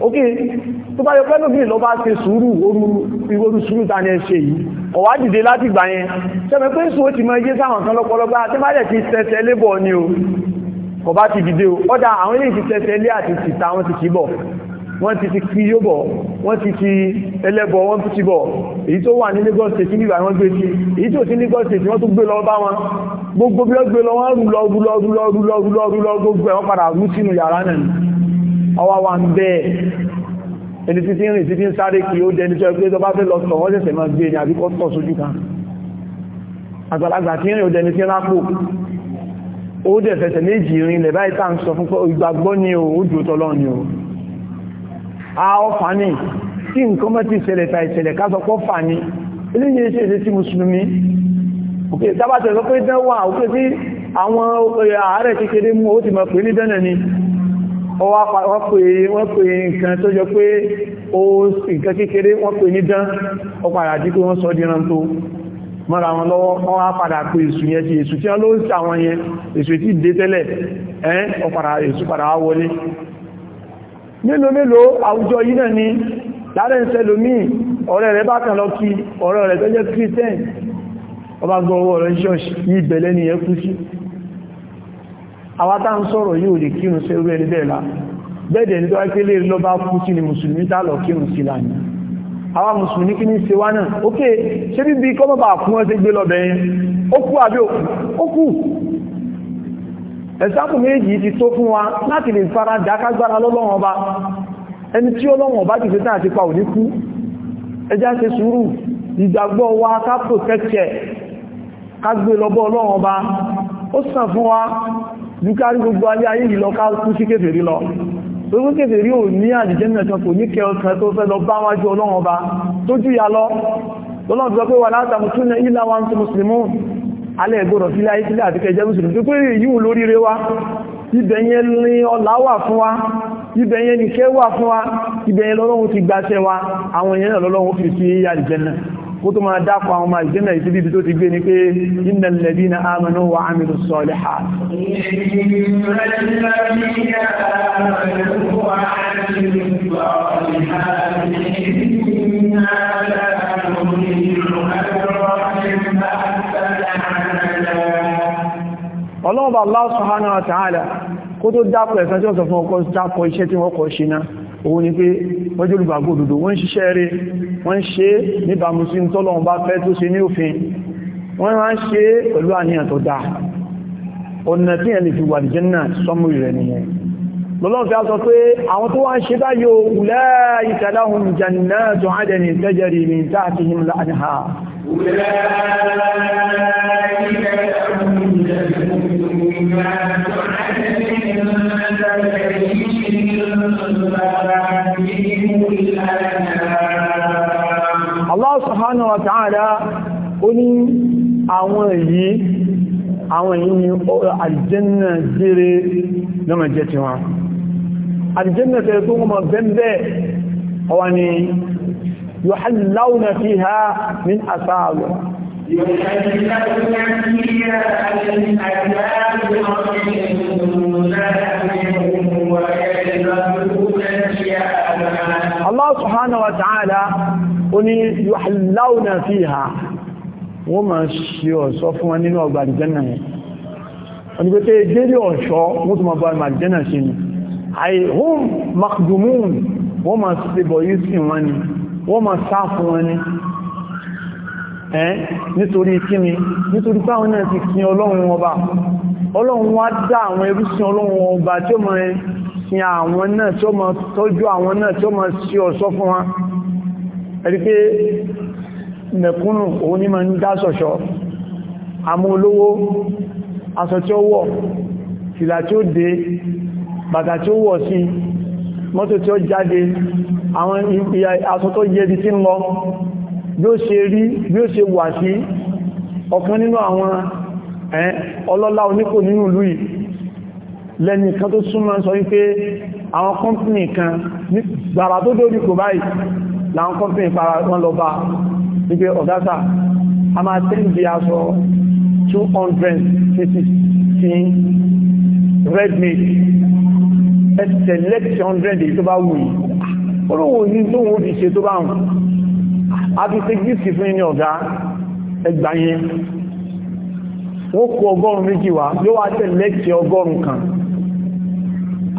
òkè tó bá yọ pẹ́lú bí lọ bá ṣe sùúrù orú sùúrù ta ní ẹṣẹ́ yìí ọ̀wá dìde láti gbà yẹn ṣẹ́mẹ́ pé sùúrù ti mọ iye sáwọn kan lọ́pọ̀lọpọ̀ àti má ti tẹ́tẹ́ lébọ̀ ni o kò bá ti dìde o ọ́dá àwọn ilé ti tẹ́tẹ́ lé àti tìta wọn ti kì bọ̀ wọ́n ti ti kí yóò bọ̀ wọ́n ti ti ẹlẹ́bọ̀ wọ́n ti bọ̀ èyí tó wà ní Lagos State nígbà wọ́n gbé sí èyí tó sí Lagos State wọ́n tó gbé lọ bá wọn gbogbo bí wọ́n gbé lọ wọ́n rú lọ rú lọ rú lọ rú lọ rú lọ gbogbo ẹ̀ wọ́n padà rú sínú yàrá náà ọwá wa ń bẹ́ẹ̀ ẹni títí ń rìn títí ń sáré kí ó dẹni tó ẹgbẹ́ tó bá fẹ́ lọ sọ wọ́n sẹ̀sẹ̀ máa gbé ní àbí kọ́ tọ̀ sójú kan àgbàlagbà tí rìn ó dẹni tí rápò ó dẹ̀ fẹsẹ̀ méjì rìn lẹ̀ báyìí tàà ń sọ fún ìgbàgbọ́ ni o ó jù tọ́lọ́ ni o a ọfà ní tí nǹkan mọ́ ti ṣẹlẹ̀ ta ìṣẹ̀lẹ̀ kásọpọ̀ fà ní wọ́n pè nǹkan tó jọ pé ó nǹkan kékeré wọ́n pè ní dán ó padà dí pé wọ́n sọ díran tó mọ́ra wọn lọ́wọ́ wọ́n wá padà pé èsù yẹn ti èsù tí wọ́n ló ń sàwọn yẹn èsù tí dé tẹ́lẹ̀ ẹ́n ó padà èsù padà wá wọlé mélòó mélòó àwùjọ yìí náà ni láàrẹ́ ìṣẹ́lòmíì ọ̀rẹ́ rẹ̀ bákan lọ kí ọ̀rẹ́ rẹ̀ tẹ́jẹ́ kírísẹ́n ọba gbọ́ ọwọ́ rẹ̀ ṣọ́ọ̀ṣì yìí bẹ̀lẹ́ ni ẹ kú sí àwátá ń sọ̀rọ̀ yóò lè kírun sí orí ẹni bẹ́ẹ̀ la bẹ́ẹ̀dẹ̀ ní tó wáyé pélé lọ bá kú sí ni mùsùlùmí tààlọ̀ kírun sí láàrin àwọn mùsùlùmí kí ní ṣe wá náà ókè ṣe bí bí kọ́mọ̀ bá fún ọdún gbé lọ́bẹ̀ yẹn ó kú àbí ó kú ẹ̀sáàpù méjì ti tó fún ó sàn fún wa dúkárí gbogbo ayé ayé yìí lọ ká kú sí kéfèrí lọ gbogbo kéfèrí ò ní àjíjẹ́ mẹ́kan kò ní kẹ ọkàn tó fẹ́ lọ bá wájú ọlọ́run ọba tó jùyà lọ lọ́lọ́run sọ pé wà látàmù tún ilá wa ń tún mùsùlùmù alẹ́ ẹgbọ́rọ̀ sílẹ̀ ayé sílẹ̀ àti kẹjẹ́ mùsùlùmù tó pé yíò lóríire wa wà fún wa ibẹ̀ yẹn nìkẹ́ wà fún wa kó tó máa dápọ̀ àwọn ọmọ ìjẹ́nà ìsìbí tó ti gbé ní pé innal ladina amanu wa amilu salihat ọlọ́ọ̀bà Allah subhanahu wa ta'ala kó tó dápọ̀ ẹ̀sán tí ó sọ fún ọkọ̀ dápọ̀ iṣẹ́ tí wọ́n kọ̀ ṣe náà òun ni pé wọ́n jẹ́ olùgbàgbọ́ òdodo wọ́n ń ṣiṣẹ́ rẹ̀ wọ́n ń ṣe níbàmú sí tọ́lọ́run bá fẹ́ tó ṣe ní òfin wọ́n máa ń ṣe pẹ̀lú àníyàn tó dáa ọ̀nà tí ẹni fi wà jẹ́nà sọmú rẹ̀ nìyẹn lọ́lọ́n fi á sọ pé àwọn tó wá ń ṣe báyò ulaika lahum jannatu adnin tajri min tahtihim al-anhar ulaika lahum jannatu adnin Allah subhanahu wa ta'ala ó ní àwọn èyí àwọn èyí ni aljanna jẹ́rẹ lọ́mọ jẹ́ ti wọn aljanna tẹ́rẹ tó wọ́n bẹ́ẹ̀bẹ́ ọwà ni yuhallawna fiha min asáàlọ́ يحلون فيها من أجلاب ربهم Allah subhanahu wa ta'ala oní yuhlawna fiha wọ́n máa ṣe ọ̀ṣọ́ fún wọn nínú ọgbà àdìjẹ́nà yẹn wọ́n pẹ́ jẹ́rí ọ̀ṣọ́ wọ́n tó máa bá ọmọ àdìjẹ́nà ṣe ni àìhùn makdumun wọ́n máa ṣe bọ̀ yìí sí wọn ni wọ́n máa sá fún wọn ni nítorí kí ọlọ́run wá dá àwọn ẹrúsìn ọlọ́run ọba tí ó mọ̀ sin àwọn náà tí ó mọ̀ tọ́jú àwọn náà tí ó mọ̀ sí ọ̀ṣọ́ fún wa ẹ̀rí pé mẹ̀kúnnù òun ní ma ń dá ṣọ̀ṣọ́ àmú olówó aṣọ tí ó wọ̀ fìlà tí ó dé bàtà tí ó wọ̀ sí mọ́tò tí ó jáde àwọn aṣọ tó yẹ ti ń lọ bí ó ṣe rí bí ó ṣe wà sí ọ̀kan nínú àwọn ọlọ́lá oníkò nínú ìlú yìí lẹ́ni kan tó súnmọ́ sọ wípé àwọn kọ́mpìnì kan ní gbàrà tó dórí kò báyìí láwọn kọ́mpìnì para wọn lọ bá wípé ọ̀dásà a máa tẹ́ǹdì aṣọ 250 sí red meat ẹsẹ̀ lẹ́tì 100 èyí tó bá wù yìí olówó ní tó wọ́n fi tó bá wù a fi ṣe gíìsì fún ní ọ̀gá ẹgbàáyẹn wọ́n kó ọgọ́rùn méjì wá ló wá tẹ̀ lẹ́kì ọgọ́rùn kan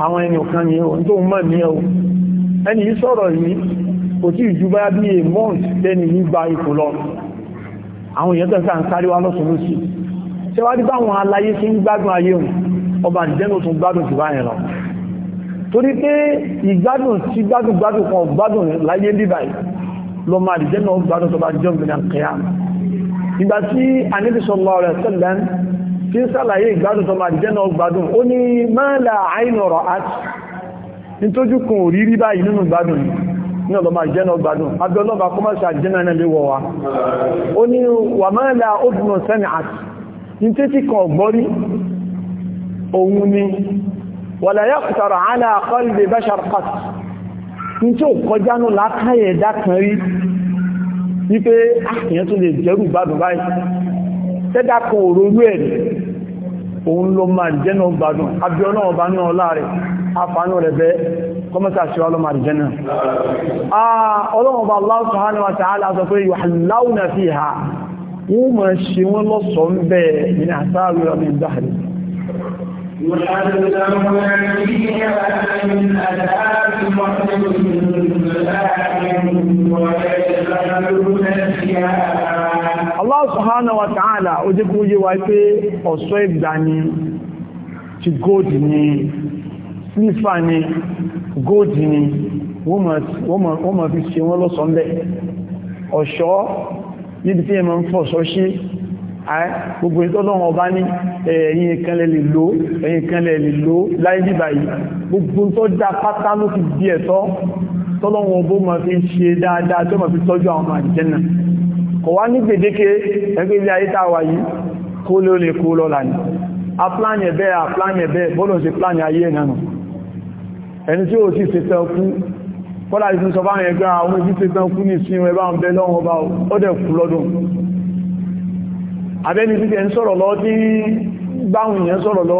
àwọn ẹni ọ̀kan ni ohun tó mọ̀ ní ẹ̀wọ̀ ẹni yìí sọ̀rọ̀ yìí kò tí ìjú bá bí a month lẹ́ni yìí gba ipò lọ àwọn èèyàn tẹ́ta ń sáré wá lọ́sùn lóṣì ṣe wá dípá àwọn aláyé sí ń gbádùn ayé hùn ọba ìjẹ́nu tún gbádùn jù báyìí lọ torí pé ìgbádùn sí gbádùn gbádùn kan gbádùn láyé níbàyìí lọ máa ìjẹ́nu gbádùn tó bá jọ́ ìgbà tí Ànábì sallallahu alaihi wasallam tí ń sàlàyé ìgbádùn tọmọ àdìjẹ́ náà gbádùn ó ní ma la aynu ra'at nítójú kan òrírí báyìí nínú gbádùn ní ọlọ́mà àdìjẹ́nà gbádùn abẹ́ọlọ́bà kọmọ́sí àdìjẹ́nà náà lè wọ̀ wá ó ní wà ma la udhun sami'at ní tẹ́tí kan ọ̀gbọ́rí òun ni wa la wípé àkìyàn ah, tó lè jẹ́rù gbádùn báyìí tẹ́dà kan òrò orú ẹ̀ òun ló máa jẹ́nà gbádùn abíọ́nà ọba ní ọlá rẹ̀ àfánú rẹ̀ bẹ́ kọmọ́sà ṣíwá ló máa jẹ́nà ọlọ́mọba Allah subhanahu wa ta'ala sọ pé yuhallawna fiha wọ́n يحذرون فيها من عذاب Allah subhanahu wa ta'ala ó jẹ́ kó yé wa pé ọ̀ṣọ́ ìgbà ni ti góòdì ni sílífà ni góòdì ni wọ́n ma fi ṣe wọ́n lọ́sọ̀ọ́lẹ̀ ọ̀ṣọ́ níbi tí ẹ ma ń fọ́ṣọ́ ṣe gbogbo ìtọ́lọ́wọ́ bá ní ẹ̀yìn ìkẹlẹ̀ lè lò ẹ̀yìn ìkẹlẹ̀ lè lò láyé bíbà yìí gbogbo tó dá pátá ló fi di ẹ̀tọ́ tọ́lọ́wọ́ bó ma fi ṣe dáadáa tó ma fi tọ́jú àwọn àjẹ́nà kò wá ní gbèdéke ẹgbẹ́ ilé ayé tàwà yìí kó ló lè kó lọ́la ní apláni ẹ̀bẹ́ apláni ẹ̀bẹ́ bọ́lọ̀ sí pláni ayé ẹ̀nànà ẹni tí ó sì ṣe tẹ́ ọkú kọ́lá ìsìn sọ bá ń ẹgbẹ́ àwọn ìsìn tẹ́ ọkú ní ìsìn ẹbá ń bẹ lọ́wọ́ bá ó dẹ̀ kú lọ́dún abẹ́ni tí ẹ ń sọ̀rọ̀ lọ tí báhùn èèyàn sọ̀rọ̀ lọ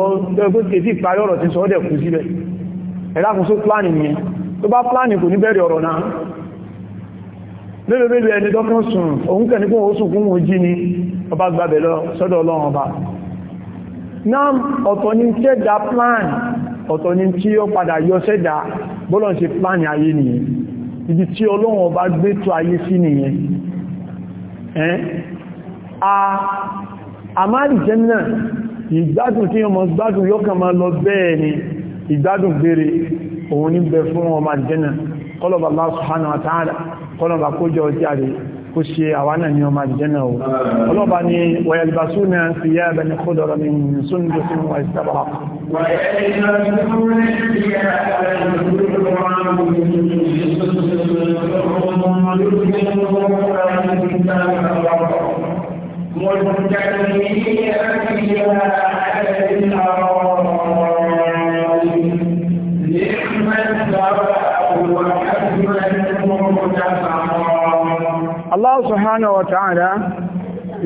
pé kèfì parí ọ̀rọ̀ ti sọ ọ́dẹ̀ kú sílẹ̀ ẹ̀lákùn só pláàni yẹn tó bá pláàni kò ní bẹ̀rẹ̀ ọ̀rọ̀ náà lébẹ̀bẹ̀bẹ̀ ẹni dọ́kàn sùn òun kẹ́ nípò ó sùn fún òun jí ni ọba gbàbẹ̀ lọ sọ́dọ̀ ọlọ́run ọba plan ọ̀tọ̀ ni tí ó padà yọ ṣẹ́dá bọ́lọ̀ ṣe plan ayé nìyẹn ibi tí ọlọ́run ọba gbé tó ayé sí àmáàrì jẹ́nà ìgbádùn tí yọ mọ̀ gbádùn yóò kàn máa lọ bẹ́ẹ̀ ni ìgbádùn gbére òun ní bẹ fún ọmọ jẹ́nà kọlọ̀bà Allah subhanahu wa ta'ala kọlọ̀bà kójọ ọjá rẹ̀ kó ṣe àwánà ní ọmọ jẹ́nà o Thank you. متكئين فيها على الأرائك نعم الثواب وحسن مرتفعا الله سبحانه وتعالى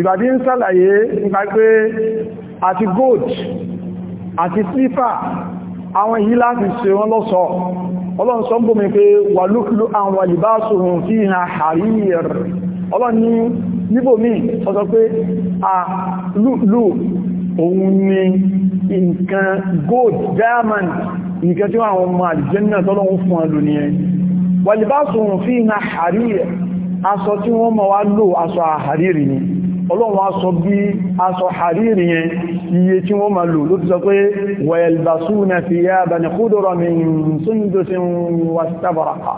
ìbàdí ń sàlàyé nípa pé àti gold àti silver àwọn èyí láti ṣe wọ́n ọlọ́run sọ ń pé wà àwọn fi hàn àríyẹ̀rẹ̀ ọlọ́run níbò míì ọ̀sọ̀ pé a lúlù òun ni nǹkan gold diamond nǹkan tí wọ́n ọmọ àlìjẹ́nà tọ́lọ́wọ́ fún ọlù ni ẹ wàlìbá sọ̀rọ̀ fi ìhà àríyẹ aṣọ tí wọ́n mọ̀ wá lò aṣọ àhàrírí ọlọ́run aṣọ bí aṣọ hariri yẹn iye tí wọ́n ma lò ló ti sọ pé wayalbasuna thiyaban khudran min sundusin wa istabraqa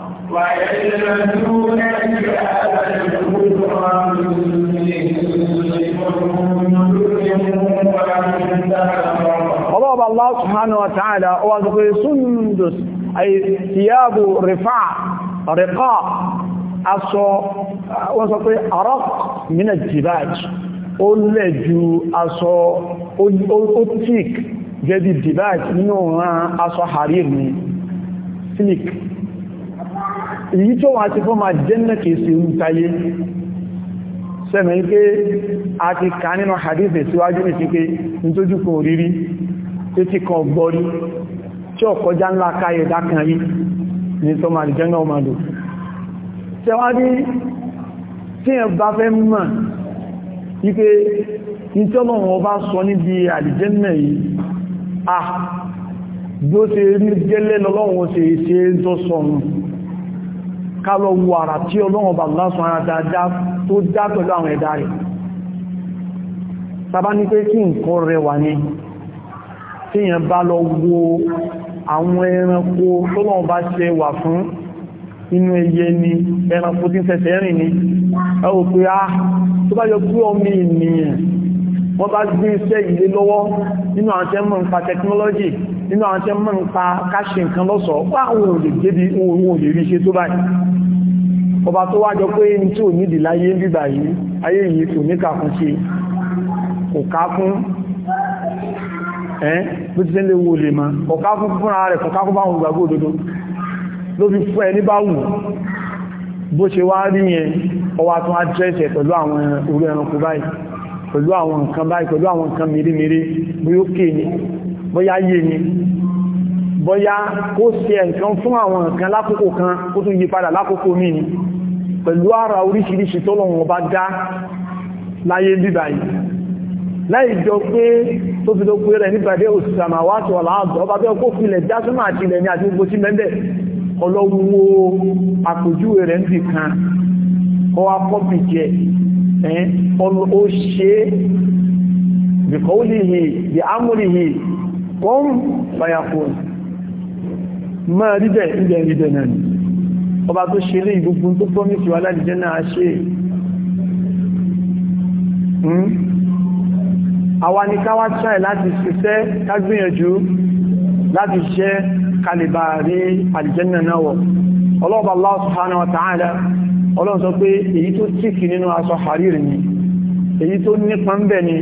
ọlọ́ọ̀bá Allah subhanahu wa ta'ala ọwá sọ pé sundus ay thiyabu rifa' riqa' aṣọ wọ́n sọ pé arọ́k mina jibaj ó lẹ̀ ju aṣọ ó tík gẹ́bí jibaj nínú ran aṣọ harir ni tík èyí tó wọ́n ti fọ́ ma jẹ́nà kìí sí ìrútayé sẹ́mẹ̀ pé a ti ká nínú hadith síwájú ní sí pé nítójú kan òrírí tó ti kan gbọ́rí tí ọ̀kọjá ńlá káyẹ̀dá kan rí ní tó ma jẹ́nà ọmọdé tẹwárí tí ẹ bá fẹ́ mọ̀ wípé ìtọ́lọ̀ wọn bá sọ níbi àlìjẹ́nà yìí à bí ó ṣe rí gẹ́lẹ́ lọ́lọ́wọ́ ṣe ṣe ń tọ́ sọ̀rọ̀ kálọ̀ wo àrà tí ọlọ́wọ́ bá lásán ara dáadáa tó dá pẹ̀lú àwọn ẹ̀dá rẹ̀ tàbá ní pé kí nǹkan rẹwà ní tí èèyàn bá lọ wo àwọn ẹranko tọ́lọ́wọ́ bá ṣe wà fún inú ẹyẹ ni ẹranko tí ń fẹsẹ̀ rìn ni ẹ wò pé ah tó bá yọ pé ọmọ ènìyàn wọ́n bá gbé iṣẹ́ ìlé lọ́wọ́ nínú àwọn tẹ́ mọ̀ nípa technology nínú àwọn tẹ́ mọ̀ nípa káṣe nǹkan lọ́sọ̀ọ́ wá àwọn òde débi ohun òde rí ṣe tó báyìí ọba tó wájọ pé ní tí ò nídìí láyé ń bíbà yìí ayé yìí kò ní kàkún ṣe kò kákún ẹ́ bí ti tẹ́lẹ̀ ló fi fún ẹni bá wù bó ṣe wá rí yẹn ọwá tún àdírẹ́sẹ̀ pẹ̀lú àwọn orí ẹranko báyìí pẹ̀lú àwọn nǹkan báyìí pẹ̀lú àwọn nǹkan mèremère bóyá òkè ni bóyá yé ni bóyá kó ṣe nǹkan fún àwọn nǹkan lákòókò kan kó tún yí padà lákòókò míì ni pẹ̀lú ara oríṣiríṣi tọ́lọ̀wọ̀n bá dá láyé bíbáyìí láì jọ pé tó fi ló pé rẹ̀ nípa ẹgbẹ́ òṣìṣàmà wá ọlọ́wọ́ àpòjúwe rẹ̀ ń fi kan kọ́ wá pọ́pì jẹ ó ṣe bìkọ́wùlìhì bí ámúrìhì wọ́n fàyàkùn máa rí bẹ̀ ìbẹ̀ rí bẹ̀ náà ọba tó ṣe lé ìgbogbo tó pọ́mìsì wà láti jẹ́ náà ṣe hmm? àwa ni káwà try láti ṣiṣẹ́ kágbìyànjú láti ṣẹ́ kalìbà rí àlìjẹ́nà náà wọ̀ ọlọ́ọ̀bà Allah subhanahu wa ta'ala ọlọ́run sọ pé èyí tó tíkì nínú aṣọ hariri ni èyí tó nípa ń bẹ̀ ni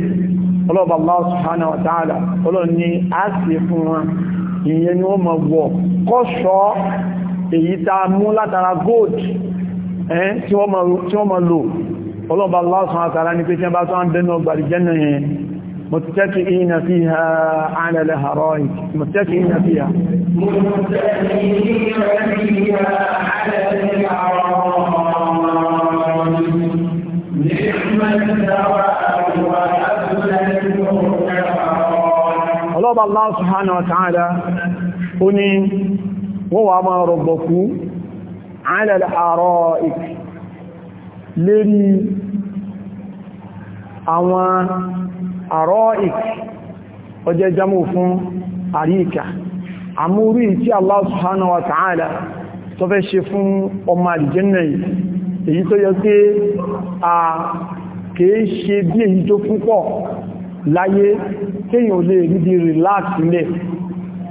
ọlọ́ọ̀bà Allah subhanahu wa ta'ala ọlọ́run ni a sì fún wọn ìyẹn ni ó mọ̀ wọ̀ kọ́ṣọ́ èyí ta mú látara gold tí wọ́n mọ̀ lò ọlọ́ọ̀bà Allah subhanahu ni pé tí wọ́n bá tó ń bẹ́nu متكئين فيها على الأهرائك متكئين فيها متكئين فيها على الأهرائك نعم الثواب وأبنى الله الله سبحانه وتعالى قني وما ربكم على الأرائك لري àwọn àrọ́ìk ó jámù fún àríkà àmúrí tí Allah subhanahu wa ta'ala tó fẹ́ ṣe fún ọmọ àlìjẹ́nà èyí tó yọ tí a kèé ṣe bí èyí tó púpọ̀ láyé kéyàn lè rí relax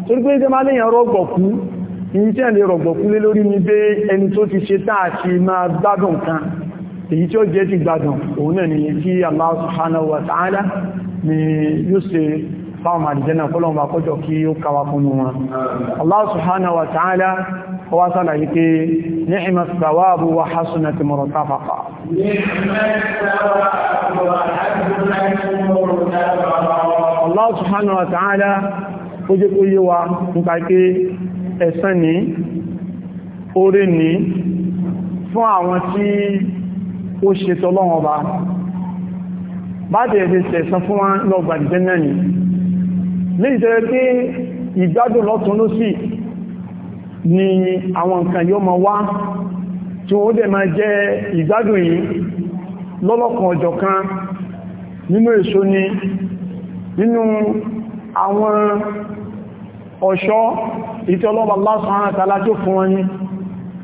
torí pé rọ̀gbọ̀kú ìyí tí ti ṣe táà máa kan èyí tí ó jẹ́ ti gbádùn òun náà ni kí Allah subhanahu wa ta'ala ni yóò ṣe fáwọn àdìjẹ́nà kọ́lọ̀wọ́n bá kọjọ kí ó kàwà fún wọn Allah subhanahu wa ta'ala wá sára yìí pé ni'mat thawabu wa hasunat murtafaqa Allah subhanahu wa ta'ala ó jẹ́ kó yé wa nípa pé ẹ̀san ni oore ni fún àwọn tí ó ṣe tọ́lọ́wọ́ bá bá tẹ̀ẹ̀dẹ̀ sẹ̀sán fún wọn lọ́gbà ìjẹ́nà ni ní ìtẹ́rẹ pé ìgbádùn lọ́tún ló sì ni àwọn nǹkan yóò máa wá tí ó dẹ̀ máa jẹ́ ìgbádùn yìí lọ́lọ́kan ọjọ́ kan nínú èso ni nínú àwọn ọ̀ṣọ́ ìtọ́lọ́wọ́ lásán àtàlá fún wọn ni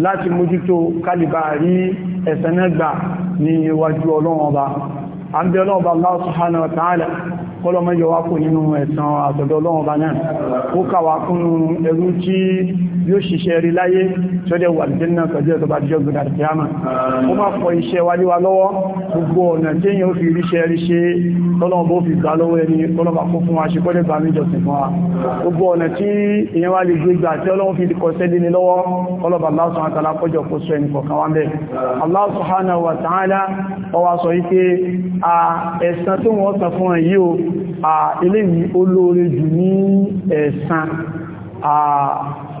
láti mójútó kálìbà rí ẹ̀sẹ̀nẹ́gbà ní iwájú ọlọ́run ọba àbí ọlọ́run ọba Allah subhanahu wa ta'ala kọlọmọ yọ wá kò nínú ẹ̀san àtọ̀dọ̀ ọlọ́run náà ó kàwà kúnnú ẹrú tí yóò ṣiṣẹ́ rí láyé tí ó dẹ̀ wà jẹ́nà tọ́jọ́ tó bá jọ gbogbo àtìyàmà ó má fọ iṣẹ́ wájú wa lọ́wọ́ gbogbo ọ̀nà tí èyàn ó fi ríṣẹ́ rí ṣe tọ́lọ́wọ́ bó fi gbà lọ́wọ́ ẹni tọ́lọ́wọ́ kó fún wa ṣe kọ́dẹ̀ bá méjọ sí fún wa gbogbo ọ̀nà tí èyàn wá lè gbégbà tí ọlọ́wọ́ fi kọ́ sẹ́lé ní lọ́wọ́ ọlọ́ba Allah subhanahu wa ta'ala kọjọ kó sọ ẹni kọ̀kan wá bẹ́ẹ̀ Allah subhanahu wa ta'ala ó wá sọ wípé a ẹ̀san tó wọ́n san fún ẹ̀yí o a eléyìí ó lóore jù ní ẹ̀san